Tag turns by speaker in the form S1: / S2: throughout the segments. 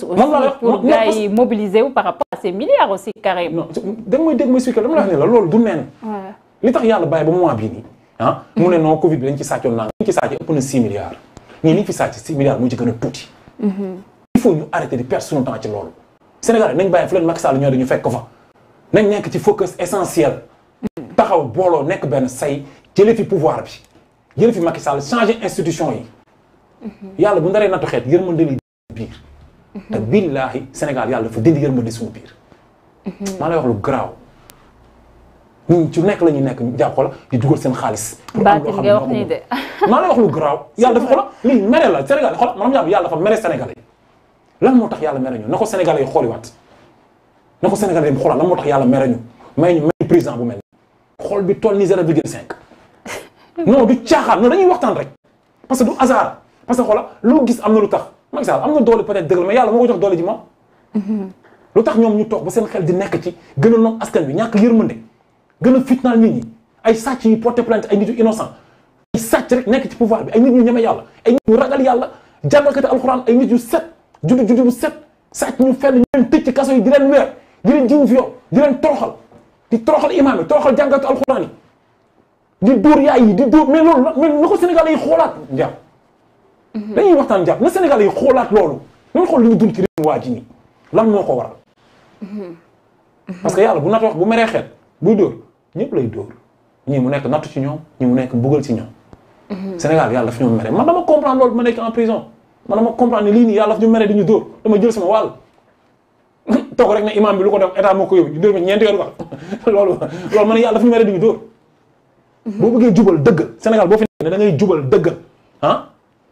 S1: moom laa pour gars yi mobiliser wu par rapport à ces milliards aussi carrément.
S2: non da la dama ne la loolu du neen. li tax yàlla bàyyi ba moment bii nii. Ah, mu ne non Covid bi lañ ci sàccoon naa liñ ci sàcc ëpp na 6 milliards. ñii liñ fi sàcc 6 milliards moo ci gën a tuuti. Mm-hmm. il faut ñu arrêter di perdre suñu temps ci loolu. Sénégal nañ bàyyi fu leen Macky Sall ñoo dañu fekk ko fa. nañ nekk ci focus essentiel. Mm-hmm. taxaw booloo nekk benn say jëlee fi pouvoir bi jëlee fi Macky Sall changer institution yi. Mm-hmm. yàlla bu ndaree nattu xeet yërmande li biir. te billaahi Sénégal yàlla dafa dindi yërmande suñu biir. maa lay wax lu garaaw. ñun ci nekk la ñuy nekk ñu jàpp la di dugal seen xaalis. pour am xam ne wax nii de. maa lay wax lu garaaw yàlla dafa xoolal lii mere la Sénégal xoolal maanaam yàlla yàlla dafa mere Sénégalais moo tax yàlla mere ñu na ko Sénégalais yi xooliwaat na ko Sénégalais yi xoolal la moo tax yàlla mere ñu may ñu may président bu mel nii. xool bi toll ni 0,5. non du caaxaan non dañuy waxtaan rek parce que du hasard parce que loo gis am na lu tax. Macky Sall am na doole peut-être dëgg la mais yàlla moo ko doole ji moom. Mhm. lu tax ñoom ñu toog ba seen xel di nekk ci gën a noog askan bi ñàkk yërmande gën a fitnaal nit ñi ay sàcc yu porté plainte ay nit yu nekk ci pouvoir bi ay nit ñu ñeme yàlla ay nit ñu ragal yàlla jàngalkati alxuraan ay nit yu set juddu juddu bu set sàcc ñu fenn ñu leen tëj ci kaso yi di leen weer di leen jiwu fi yow di leen toroxal di toroxal imaam yi toroxal jàngalkati alxuraan yi di dóor yaay di dóor mais loolu ko Sénégal xoolaat njaam Mhm. dañuy waxtaan jàpp na Sénégal yi xoolaat loolu nañu xool li ñu dund ci réew waa ji nii lan moo ko waral. Mhm. Mhm. parce que yàlla bu natt wax bu meree xeet buy dóor ñëpp lay dóor ñii mu nekk natt ci ñoom ñii mu nekk mbugal ci ñoom. Sénégal yàlla fi ñoo mere man dama comprendre loolu ma nekk en prison man dama comprendre ne lii nii yàlla daf ñu mere di ñu dóor dama jël sama wàll. toog rek ne imam bi lu ko dem état moo ko yooyu ñu dóor ma ñeenti yoon quoi yàlla daf ñu mere di ñu dóor. boo bëggee jubal dëgg Sénégal boo fi ne da ngay jubal dëgg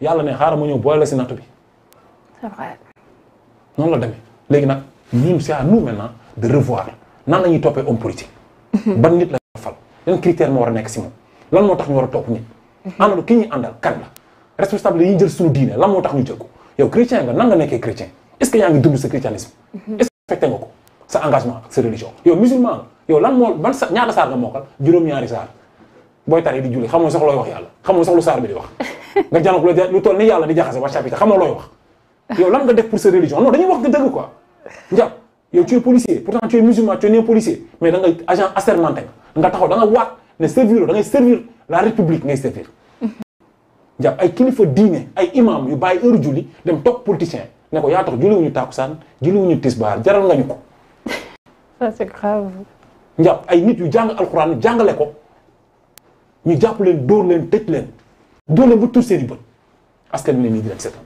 S2: yàlla ne xaaral ma ñëw boole la si nattu bi. c'est vrai. la demee léegi nag ñun c'est à nous maintenant de revoir nan la ñuy toppee homme politique. Mhm. ban nit la fal yan critère moo nekk si lan moo tax war a topp nit. àndal mhm. ki ñuy àndal kan la responsable yi ñuy jël suñu diine lan moo tax ñu jël ko yow chrétien nga nan nga nekkee chrétien est-ce que yaa ngi dund sa christianisme. Mhm. est-ce que respecté nga ko sa engagement ak sa religion. yow musulman yow lan moo ban sa ñaata saar nga mokkal juróom-ñaari saar. booy tari di julli xamoo sax looy wax yàlla xamoo sax lu saar bi di wax nga jàng ko lu toll ni yàlla di jaxase waa chapitre xamoo looy wax yow lan nga def pour sa religion non dañuy wax dëgg quoi njàpp yow tu es policier pourtant tu es musulman tu es né policier mais da nga agent assermenté nga taxaw da nga waat servir da ngay servir la république ngay servir njàpp ay kilifa diine ay imam yu bàyyi heure julli dem toog politicien ne ko yaa tax wu ñu julliwuñu tisbaar jaral nga ñu ko
S1: ça c'est grave
S2: njàpp ay nit yu jàng alxuraan jàngale ko ñu jàpp leen dóor leen tëj leen dóor leen ba tuur seen bët askan wi la ñuy di leen seetaan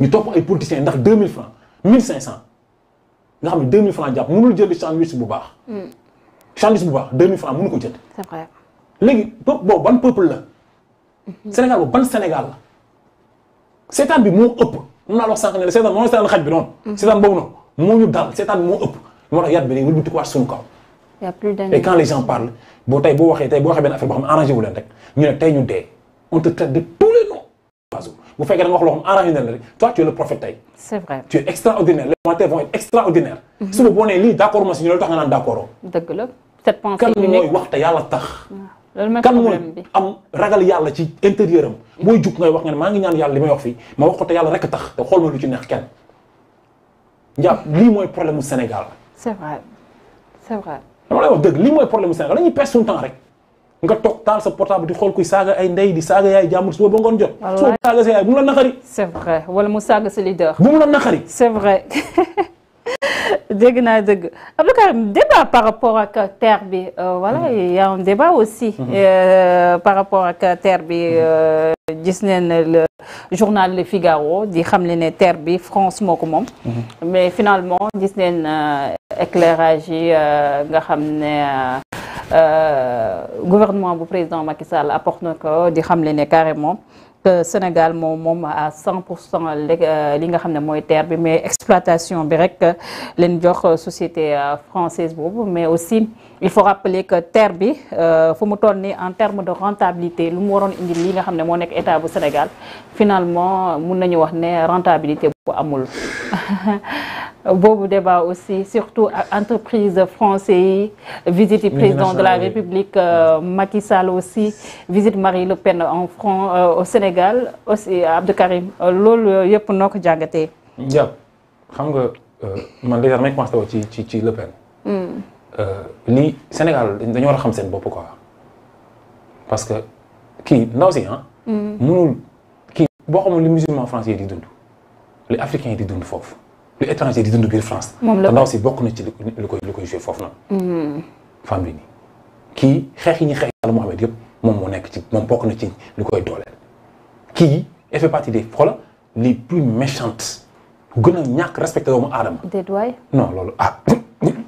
S2: ñu topp ay mille ndax 2000 francs 1500 nga xam ne 2000 francs jàpp mënul jënd sandwich bu baax. Hmm. sandwich bu baax 2000 francs mënu ko jënd. c'est vrai léegi peuple boobu ban peuple la. Mhm. Sénégal boobu ban Sénégal la. bi moo ëpp mun naa la wax sànq ne la seetaan moo seetaan xaj bi noonu. Hmm. seetaan moo ñu dal seetaan bi moo ëpp moo tax yat bi kaw.
S1: y a plus et quand les gens
S2: parlent boo tey boo waxee tey boo waxee benn affaire boo xam ne arrangé wu leen rek ñu ne tey ñu dee on te traite de tous les noms. bu fekkee da nga wax loo xam arrangé na la rek toi tu es le prophète tey. c'est vrai tu es extraordinaire les commentaires vont être extraordinaires. Mhm. suba boo nee lii d'accord ma si ñu loolu tax nga naan d'accord.
S1: dëgg la cette pensée unique kan mooy
S2: wax te yàlla tax. kan mooy am ragal yàlla ci intérieur am. booy jug ngay wax nga ne maa ngi ñaan yàlla li may wax fii ma wax ko te yàlla rek tax te xool ma lu ci neex kenn. njàpp lii mooy problème mu Sénégal.
S1: c'est vrai c'est vrai.
S2: dama lay wax dëgg lii mooy problème Sénégal dañuy perte suñu temps rek nga toog taal sa portable di xool kuy saaga ay ndey di saaga yaay jàmbur suba ba ngoon jot.
S1: wallaay soo saaga sa yaay bu mu la naqari. c'est vrai wala mu saaga sa leader. bu mu la naqari. c'est vrai. dégg naa dëgg Abdou par rapport ak terre bi euh, voilà mhm. il y a un débat aussi. Mhm. Euh, par rapport ak terre bi mhm. euh, gis nañ le journal Le Figaro di xamle ne terre bi France moo ko moom. mais finalement gis nañ éclairage nga xam ne. gouvernement bu président Macky Sall apporte na ko di xamle ne carrément Sénégal moom moom à 100 pour cent euh, li nga xam ne mooy terre bi mais exploitation bi rek euh, leen jox euh, société française boobu mais aussi il faut rappeler que terre bi fu mu toll ni en terme de rentabilité lu mu waroon indi li nga xam ne moo nekk état bu Sénégal finalement mun nañu wax ne rentabilité bu amul boobu débat aussi surtout entreprise français yi visite yi président de la république euh, Macky Sall aussi visite Marie Le Pen en France euh, au Sénégal aussi Abdou Karim euh, loolu yëpp noo ko jàngatee.
S2: jàpp xam nga man déjà damay commencé ci ci ci Le Pen. Hmm. lii Sénégal dañu war a xam seen bopp quoi parce que kii ndaw si ah.
S1: mënul
S2: hmm. boo xamul li musulman français yi di dund li africain yi di dund foofu. lu étranger di dund biir France. moom la hmm. bi nii kii xeex yi ñu xeex yàlla Mohamed yëpp moom moo nekk ci moom bokk na ci lu koy dooleel. kii il fait partie des xoola les plus méchantes gën a ñàkk respecté doomu aadama. déet waay non loolu ah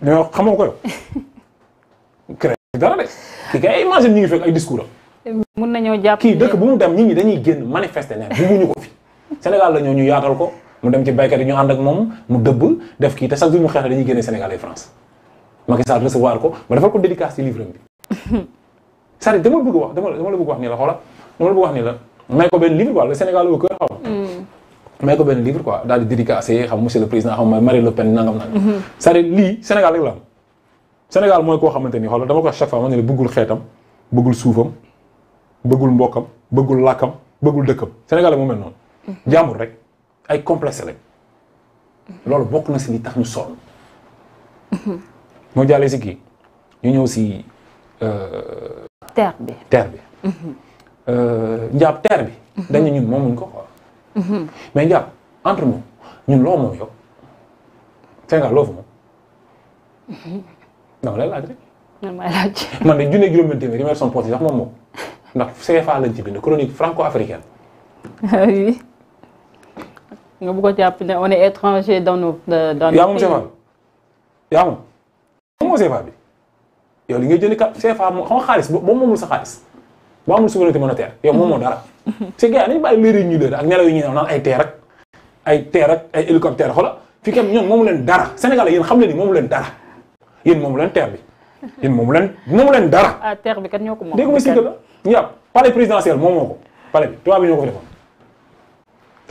S2: ñoo xamoo ko yow. créé dara de kii kay ay imagine ñu ngi fekk ay discours
S1: am. mun nañoo jàpp kii dëkk bu
S2: mu dem nit ñi dañuy génn manifester ne bëgguñu ko fi Sénégal la ñu yaatal ko. mu dem ci baykat yi ñu ànd ak moom mu dëbb def kii te chaque jour mu xeex dañuy génne Sénégal ay France Macky Sall recevoir ko ma defal ko dédicace ci livre bi cest dama bëgg wax dama la bëgg wax la xoola dama la bëgg wax nii la may ko benn livre quoi le Sénégal au cœur xaw
S1: hmm.
S2: may ko benn livre quoi daal di dédicacé xam monsieur le président xam Marine Le Pen nangam nangam hmm. cest lii Sénégal rek la am Sénégal mooy koo xamante ni xoola dama ko wax chaque fois ma ne la bëggul xeetam bëggul suufam bëggul mbokkam bëggul bëggul dëkkam Sénégal moo mel noonu hmm. rek ay complexe lañ loolu bokk na si li tax ñu sonn. moo jàllee si kii ñu ñëw si. Euh, terre bi terre bi. Euh, njaab terre bi. dañ ñun moomuñ ko quoi. mais njaab entre nous ñun loo moom yow. Sénégal loo fa moom. dama lay laaj rek. man lañ ci bind chronique franco-africaine.
S1: nga bëgg a jàpp ne on est étranger dans nos dans nos.
S2: yaa moom CFA bi yaa moom. moom moo CFA bi yow li jënd ka CFA moom xam nga xaalis boo moomul sa xaalis boo amul souveraineté monétaire yow moom moo dara. c'est que gars nañu bàyyi léer yi ñuy léer ak nelaw yi ñuy naan ay teer ak ay teer ay hélicoptère xoola fii kenn ñoom moomu leen dara Sénégal yéen xam leen ni moomu leen dara yéen moomu leen teer bi yéen moomu leen moomu leen dara.
S1: ah teer bi kat ñoo ko moom dégg nga si que la.
S2: ñu yàpp moom moo ko palais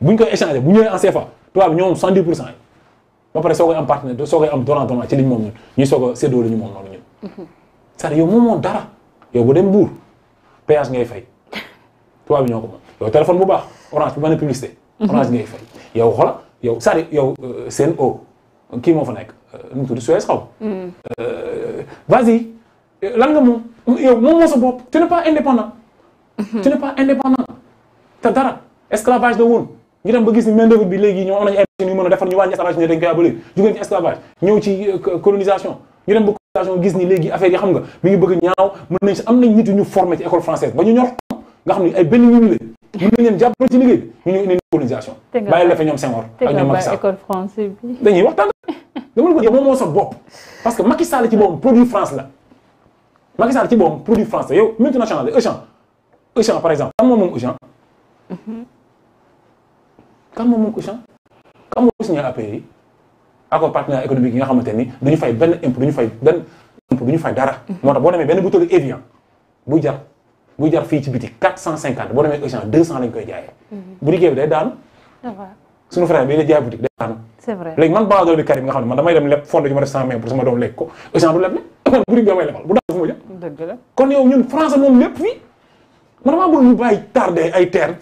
S2: bu ñu koy bu ñëwee en CFA tubaab bi ñoo am ba pare soo koy am partenaire soo koy am donnant donnant ci ñu moom ñun ñuy soog a séddoo li ñu moom noonu ñun. c'est-à-dire yow dara yow bu dem Mbour péage ngay fay tubaab bi ñoo ko moom yow téléphone bu baax orange bu mën a publicité. orange ngay seen euh, o kii moo fa nekk euh, nu mu tudd Suez xaw. Mm. Euh, vas-y lan nga moom yow moom moo sa bopp pas indépendant. Mm-hmm. tu pas indépendant te dara esclavage la woon. ñu dem ba gis ni main d'œuvre bi léegi ñoo am nañu a defar ñu wàññi esclavage ne dañ koy abolir jugéen ci esclavage ñëw ci euh, colonisation ñu dem ba colonisation gis ni léegi affaire yi xam nga mi ngi bëgg ñaaw mën nañ si am nañ nit ñu formé ci école française nga xam ne ay benn ñu la mën nañ leen jàppale ci liggéey ñu ñëw indi colonisation bàyyi la fa ñoom Senghor ak ñoom Macky Sall parce que Macky Sall ci boppam produit France la Macky Sall ci boppam produit France yow multinational la Auchan Auchan par exemple am moom moom kan moom moom Auchan kan moom yi accord partenaire économique yi nga xamante ni duñu fay benn impôt duñu fay fay dara mhm. moo tax boo demee benn butéelu Evian buy jar buy jar fii ci biti boo demee mhm. man baa dool bi Karim nga xam ne man damay dem leb fond ju ma def cent mille pour sama doom lekk ko Auchan du bu daanu fu
S1: ma
S2: kon yow ñun français moom lépp fii man damaa bëgg ñu bàyyi tardé ay terre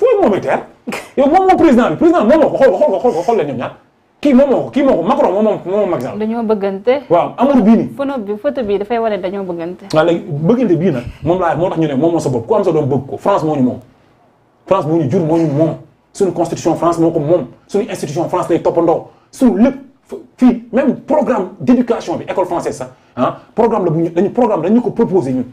S2: yow moom moom président bi président bi moom moo ko xool xool ko xool xool la ñoom ñaar kii moom moo ko kii moo ko Macron moom moom moom Macky Sall.
S1: dañoo bëggante. waaw amul bii nii. photo bi photo bi dafay wane dañoo bëggante.
S2: waaw ah, bëggante bii moom laa moo moom moo sa bopp ku am sa doom bëgg ko France moo ñu moom France moo ñu jur moo ñu moom suñu constitution France moo ko moom suñu institution France lay toppandoo suñu lépp fii même programme d'éducation bi école française sax ah, programme la bu ñu dañu programme ko proposé ñun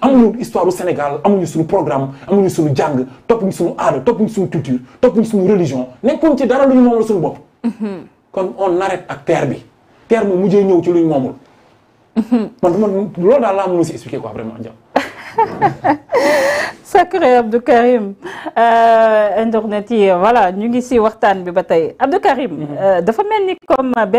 S2: amuñu histoire Sénégal amuñu suñu programme amuñu suñu jàng toppuñu suñu aada toppuñu suñu culture toppuñu suñu religion nekkuñ ci dara lu ñu moomul suñu bopp. kon on arrête ak teer bi terre mu mujjee ñëw ci lu ñu moomul. man man loolu daal laa mënul si expliquer quoi vraiment Ndiaye.
S1: sacré Abdou euh, internet yi voilà ñu ngi si waxtaan bi ba tey Abdou mhm. euh, dafa mel ni comme